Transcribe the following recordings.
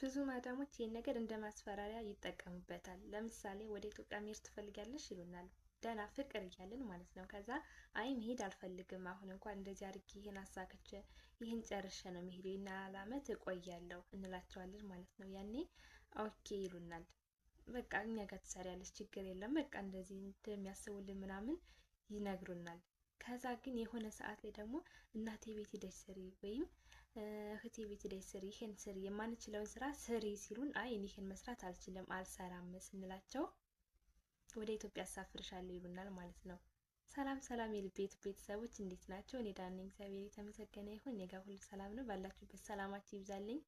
ብዙ ማዳሞች ይህን ነገር እንደ ማስፈራሪያ ይጠቀሙበታል። ለምሳሌ ወደ ኢትዮጵያ መሄድ ትፈልጊያለሽ ይሉናል። ደህና ፍቅር እያለን ማለት ነው። ከዛ አይ መሄድ አልፈልግም፣ አሁን እንኳን እንደዚህ አድርጊ፣ ይህን አሳክቼ ይህን ጨርሼ ነው መሄድ እና አላመት እቆያለሁ እንላቸዋለን ማለት ነው። ያኔ ኦኬ ይሉናል። በቃ እኛ ጋር ትሰሪያለሽ፣ ችግር የለም በቃ እንደዚህ እንደሚያስቡልን ምናምን ይነግሩናል። ከዛ ግን የሆነ ሰዓት ላይ ደግሞ እናቴ ቤት ሂደሽ ስሪ ወይም እህቴ ቤት ላይ ስሪ፣ ይሄን ስሪ፣ የማንችለውን ስራ ስሪ ሲሉን አይ እኔ ይሄን መስራት አልችልም አልሰራም ስንላቸው ወደ ኢትዮጵያ አሳፍርሻለሁ ይሉናል ማለት ነው። ሰላም ሰላም፣ የልቤት ቤተሰቦች እንዴት ናቸው? እኔ ዳኒ እግዚአብሔር የተመሰገነ ይሁን። እኔ ሁሉ ሰላም ነው። ባላችሁበት ሰላማችሁ ይብዛልኝ።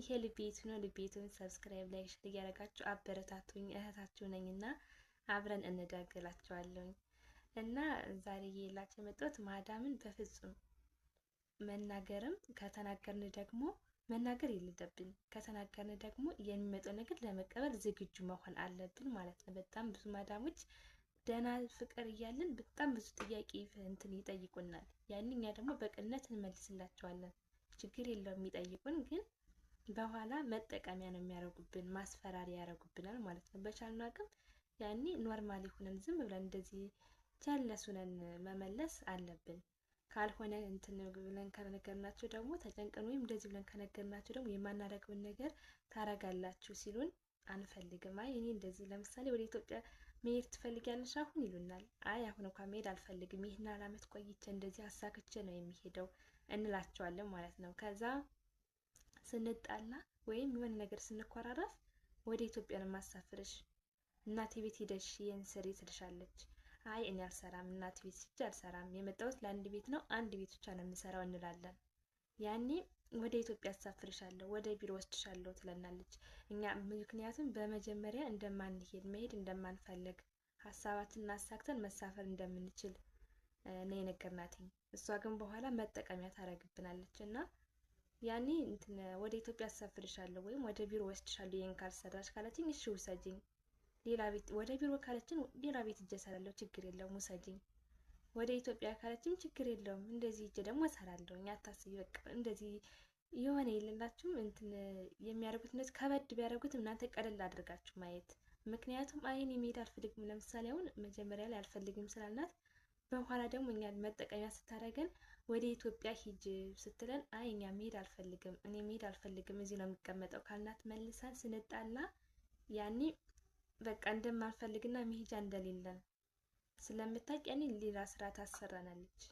ይሄ ልቤት ነው። ልቤቱን ሰብስክራይብ ላይ ሽል እያደረጋችሁ አበረታቱኝ። እህታችሁ ነኝ እና አብረን እንደግላችኋለሁኝ እና ዛሬ የላችሁ የመጣሁት ማዳምን በፍጹም መናገርም ከተናገርን ደግሞ መናገር የሌለብን ከተናገርን ደግሞ የሚመጣው ነገር ለመቀበል ዝግጁ መሆን አለብን ማለት ነው። በጣም ብዙ ማዳሞች ደህና ፍቅር እያለን በጣም ብዙ ጥያቄ እንትን ይጠይቁናል። ያን እኛ ደግሞ በቅነት እንመልስላቸዋለን። ችግር የለውም የሚጠይቁን ግን በኋላ መጠቀሚያ ነው የሚያደርጉብን፣ ማስፈራሪያ ያደርጉብናል ማለት ነው። በቻልን አቅም ያኔ ኖርማሊ ሁነን ዝም ብለን እንደዚህ ጀለስ መመለስ አለብን። ካልሆነ እንትን ብለን ከነገርናቸው ደግሞ ተጨንቀን ወይም እንደዚህ ብለን ከነገርናቸው ደግሞ የማናደርገውን ነገር ታረጋላችሁ ሲሉን አንፈልግም። አይ እኔ እንደዚህ ለምሳሌ ወደ ኢትዮጵያ መሄድ ትፈልጊያለሽ አሁን ይሉናል። አይ አሁን እንኳን መሄድ አልፈልግም፣ ይህን አላመት ቆይቼ እንደዚህ አሳክቼ ነው የሚሄደው እንላቸዋለን ማለት ነው። ከዛ ስንጣላ ወይም የሆነ ነገር ስንኮራረፍ ወደ ኢትዮጵያ ነው የማሳፍርሽ እናቴ ቤት ሂደሽ ይህን ስሪ ትልሻለች። አይ እኔ አልሰራም እናት ቤት ሂጅ አልሰራም የመጣሁት ለአንድ ቤት ነው አንድ ቤት ብቻ ነው የምሰራው እንላለን። ያኔ ወደ ኢትዮጵያ አሳፍርሻለሁ ወደ ቢሮ ወስድሻለሁ ትለናለች። እኛ ምክንያቱም በመጀመሪያ እንደማንሄድ መሄድ እንደማንፈልግ ሀሳባችንን እናሳክተን መሳፈር እንደምንችል ነው የነገርናትኝ። እሷ ግን በኋላ መጠቀሚያ ታደርግብናለች እና ያኔ ወደ ኢትዮጵያ አሳፍርሻለሁ ወይም ወደ ቢሮ ወስድሻለሁ ይህን ካልሰራሽ ካለችኝ እሺ ውሰጅኝ ሌላ ቤት ወደ ቢሮ ካለችን ሌላ ቤት እጄ እሰራለሁ፣ ችግር የለውም ውሰጂኝ። ወደ ኢትዮጵያ ካለችን ችግር የለውም፣ እንደዚህ እጄ ደግሞ እሰራለሁ። አታስቢ በቃ እንደዚህ የሆነ የሌላችሁም እንትን የሚያደርጉት እንደዚህ ከበድ ቢያደርጉት እናንተ ቀለል አድርጋችሁ ማየት። ምክንያቱም አይን የሚሄድ አልፈልግም። ለምሳሌ አሁን መጀመሪያ ላይ አልፈልግም ስላልናት በኋላ ደግሞ እኛ መጠቀሚያ ስታደርገን ወደ ኢትዮጵያ ሂጅ ስትለን አይ እኛ መሄድ አልፈልግም፣ እኔ መሄድ አልፈልግም፣ እዚህ ነው የሚቀመጠው ካልናት መልሰን ስንጣላ ያኔ በቃ እንደማንፈልግና መሄጃ እንደሌለን ስለምታውቅ እኔ ሌላ ስራ ታሰራናለች።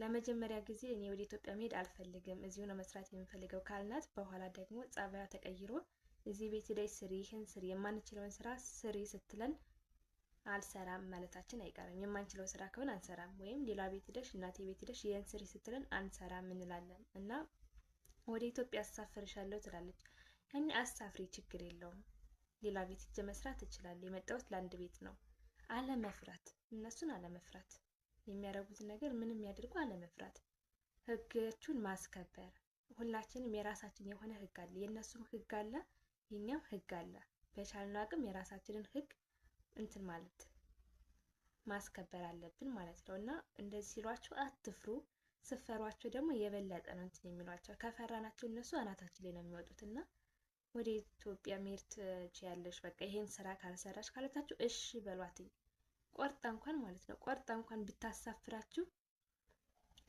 ለመጀመሪያ ጊዜ እኔ ወደ ኢትዮጵያ መሄድ አልፈልግም፣ እዚሁ ነው መስራት የምፈልገው ካልናት በኋላ ደግሞ ጸባያ ተቀይሮ እዚህ ቤት ላይ ስሪ፣ ይህን ስሪ፣ የማንችለውን ስራ ስሪ ስትለን አልሰራም ማለታችን አይቀርም። የማንችለው ስራ ከሆነ አንሰራም፣ ወይም ሌላ ቤት ሂደሽ እናቴ ቤት ሂደሽ ይህን ስሪ ስትለን አንሰራም እንላለን እና ወደ ኢትዮጵያ አሳፍርሻለሁ ትላለች። ያኔ አሳፍሪ፣ ችግር የለውም ሌላ ቤት እጅ መስራት ይችላል። የመጣሁት ለአንድ ቤት ነው። አለመፍራት፣ እነሱን አለመፍራት፣ የሚያደርጉትን ነገር ምንም ያድርጉ አለመፍራት፣ ህጋችሁን ማስከበር። ሁላችንም የራሳችን የሆነ ህግ አለ። የእነሱም ህግ አለ፣ የኛም ህግ አለ። በቻልን አቅም የራሳችንን ህግ እንትን ማለት ማስከበር አለብን ማለት ነው። እና እንደዚህ ሲሏቸው አትፍሩ። ስፈሯቸው ደግሞ የበለጠ ነው እንትን የሚሏቸው። ከፈራናቸው እነሱ አናታችን ላይ ነው የሚወጡት እና ወደ ኢትዮጵያ መሄድ ትችያለሽ፣ በቃ ይሄን ስራ ካልሰራሽ ካለታችሁ እሺ በሏት። ቆርጣ እንኳን ማለት ነው ቆርጣ እንኳን ብታሳፍራችሁ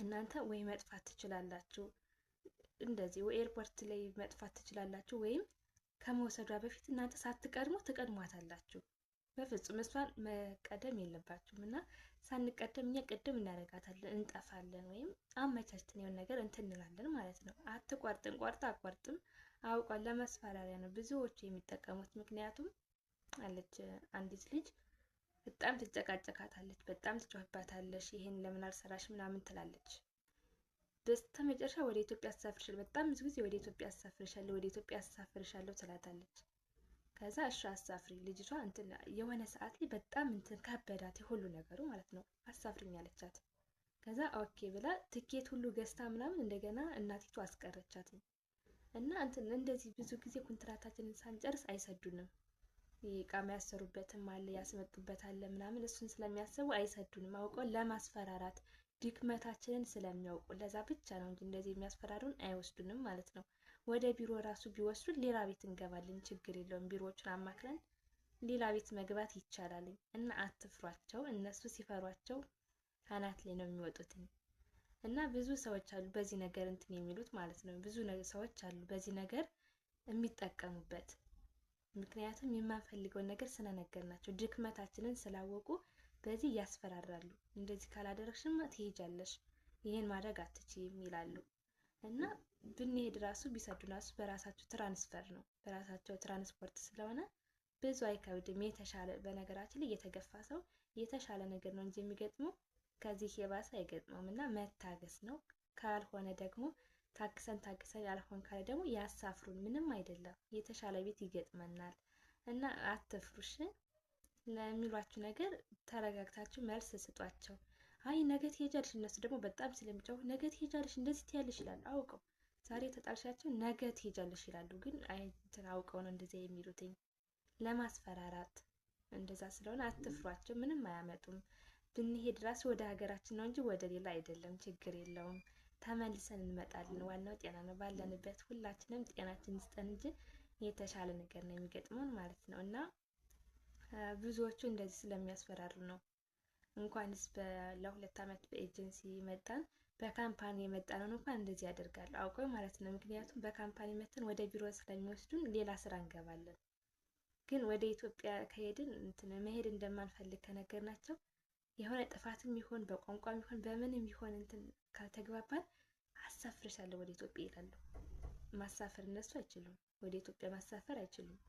እናንተ ወይ መጥፋት ትችላላችሁ፣ እንደዚህ ኤርፖርት ላይ መጥፋት ትችላላችሁ፣ ወይም ከመውሰዷ በፊት እናንተ ሳትቀድሞ ትቀድሟታላችሁ። በፍጹም እሷን መቀደም የለባችሁም እና ሳንቀደም እኛ ቅድም እናደርጋታለን፣ እንጠፋለን፣ ወይም አመቻችተን የሆነ ነገር እንትን እንላለን ማለት ነው። አትቆርጥም፣ ቆርጣ አቆርጥም አውቋል። ለማስፈራሪያ ነው ብዙዎቹ የሚጠቀሙት። ምክንያቱም አለች አንዲት ልጅ በጣም ትጨቃጨቃታለች፣ በጣም ትጮህባታለች። ይህን ለምን አልሰራሽ ምናምን ትላለች። በስተ መጨረሻ ወደ ኢትዮጵያ አሳፍርሻለሁ፣ በጣም ብዙ ጊዜ ወደ ኢትዮጵያ አሳፍርሻለሁ፣ ወደ ኢትዮጵያ አሳፍርሻለሁ ትላታለች። ከዛ እሺ አሳፍሪ ልጅቷ እንትን የሆነ ሰዓት ላይ በጣም እንትን ከበዳት የሁሉ ነገሩ ማለት ነው። አሳፍሪኝ አለቻት። ከዛ ኦኬ ብላ ትኬት ሁሉ ገዝታ ምናምን እንደገና እናቲቱ አስቀረቻት። እና እንትን እንደዚህ ብዙ ጊዜ ኮንትራታችንን ሳንጨርስ አይሰዱንም። እቃ ያሰሩበትም አለ ያስመጡበት አለ ምናምን እሱን ስለሚያስቡ አይሰዱንም። አውቀው ለማስፈራራት ድክመታችንን ስለሚያውቁ ለዛ ብቻ ነው እንጂ እንደዚህ የሚያስፈራሩን አይወስዱንም ማለት ነው። ወደ ቢሮ ራሱ ቢወስዱን ሌላ ቤት እንገባለን፣ ችግር የለውም። ቢሮዎቹን አማክረን ሌላ ቤት መግባት ይቻላል እና አትፍሯቸው። እነሱ ሲፈሯቸው አናት ላይ ነው የሚወጡትኝ። እና ብዙ ሰዎች አሉ በዚህ ነገር እንትን የሚሉት ማለት ነው። ብዙ ሰዎች አሉ በዚህ ነገር የሚጠቀሙበት። ምክንያቱም የማንፈልገውን ነገር ስለነገርናቸው ድክመታችንን ስላወቁ በዚህ ያስፈራራሉ። እንደዚህ ካላደረግሽማ ትሄጃለሽ፣ ይህን ማድረግ አትችይም ይላሉ። እና ብንሄድ ራሱ ቢሰዱን ራሱ በራሳቸው ትራንስፈር ነው በራሳቸው ትራንስፖርት ስለሆነ ብዙ አይከብድም። የተሻለ በነገራችን ላይ የተገፋ ሰው የተሻለ ነገር ነው እንጂ የሚገጥመው ከዚህ የባሰ አይገጥመውም እና መታገስ ነው። ካልሆነ ደግሞ ታግሰን ታግሰን ያልሆን ካለ ደግሞ ያሳፍሩን፣ ምንም አይደለም፣ የተሻለ ቤት ይገጥመናል እና አትፍሩሽ ለሚሏችሁ ነገር ተረጋግታችሁ መልስ ስጧቸው። አይ ነገ ትሄጃለሽ፣ እነሱ ደግሞ በጣም ስለሚጫወቱ ነገ ትሄጃለሽ፣ እንደዚህ ትያለሽ ይላሉ። አውቀው ዛሬ ተጣልሻቸው ነገ ትሄጃለሽ ይላሉ። ግን እንትን አውቀው ነው እንደዚያ የሚሉትኝ ለማስፈራራት እንደዛ ስለሆነ አትፍሯቸው፣ ምንም አያመጡም። ብንሄድ ራስ ወደ ሀገራችን ነው እንጂ ወደ ሌላ አይደለም። ችግር የለውም፣ ተመልሰን እንመጣለን። ዋናው ጤና ነው። ባለንበት ሁላችንም ጤናችን ይስጠን እንጂ የተሻለ ነገር ነው የሚገጥመን ማለት ነው። እና ብዙዎቹ እንደዚህ ስለሚያስፈራሩ ነው እንኳንስ ለሁለት ዓመት በኤጀንሲ መጣን በካምፓኒ የመጣነውን እንኳን እንደዚህ ያደርጋል አውቀው ማለት ነው። ምክንያቱም በካምፓኒ መተን ወደ ቢሮ ስለሚወስዱን ሌላ ስራ እንገባለን። ግን ወደ ኢትዮጵያ ከሄድን መሄድ እንደማንፈልግ ከነገር ናቸው። የሆነ ጥፋትም ይሆን በቋንቋም ይሆን በምንም ይሆን እንትን ካልተግባባን አሳፍርሻለሁ ወደ ኢትዮጵያ ይላሉ። ማሳፈር እነሱ አይችሉም፣ ወደ ኢትዮጵያ ማሳፈር አይችሉም።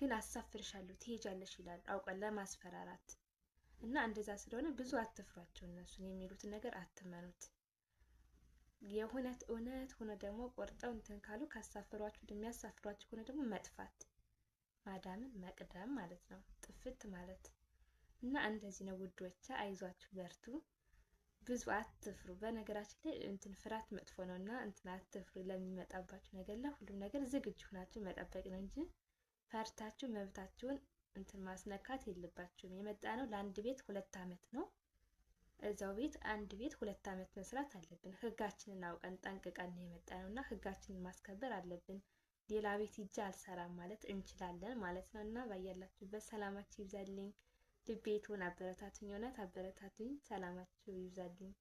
ግን አሳፍርሻለሁ ትሄጃለሽ ይላሉ፣ አውቀን ለማስፈራራት እና እንደዛ ስለሆነ ብዙ አትፍሯቸው። እነሱን የሚሉትን ነገር አትመኑት። የእውነት እውነት ሆነ ደግሞ ቆርጠው እንትን ካሉ ካሳፈሯችሁ የሚያሳፍሯችሁ ሆነ ደግሞ መጥፋት ማዳምን መቅደም ማለት ነው፣ ጥፍት ማለት እና እንደዚህ ነው ውዶቻ፣ አይዟችሁ፣ በርቱ፣ ብዙ አትፍሩ። በነገራችን ላይ እንትን ፍርሃት መጥፎ ነው እና እንትን አትፍሩ። ለሚመጣባችሁ ነገር ለሁሉም ነገር ዝግጁ ሆናችሁ መጠበቅ ነው እንጂ ፈርታችሁ መብታችሁን እንትን ማስነካት የለባችሁም። የመጣ ነው ለአንድ ቤት ሁለት አመት ነው። እዛው ቤት አንድ ቤት ሁለት አመት መስራት አለብን። ህጋችንን አውቀን ጠንቅቀን ነው የመጣ ነው እና ህጋችንን ማስከበር አለብን። ሌላ ቤት ሂጄ አልሰራም ማለት እንችላለን ማለት ነው እና ባያላችሁበት ሰላማችሁ ይብዛልኝ። ልቤቱ አበረታቱኝ፣ እውነት አበረታቱኝ። ሰላማችሁ ይብዛልኝ።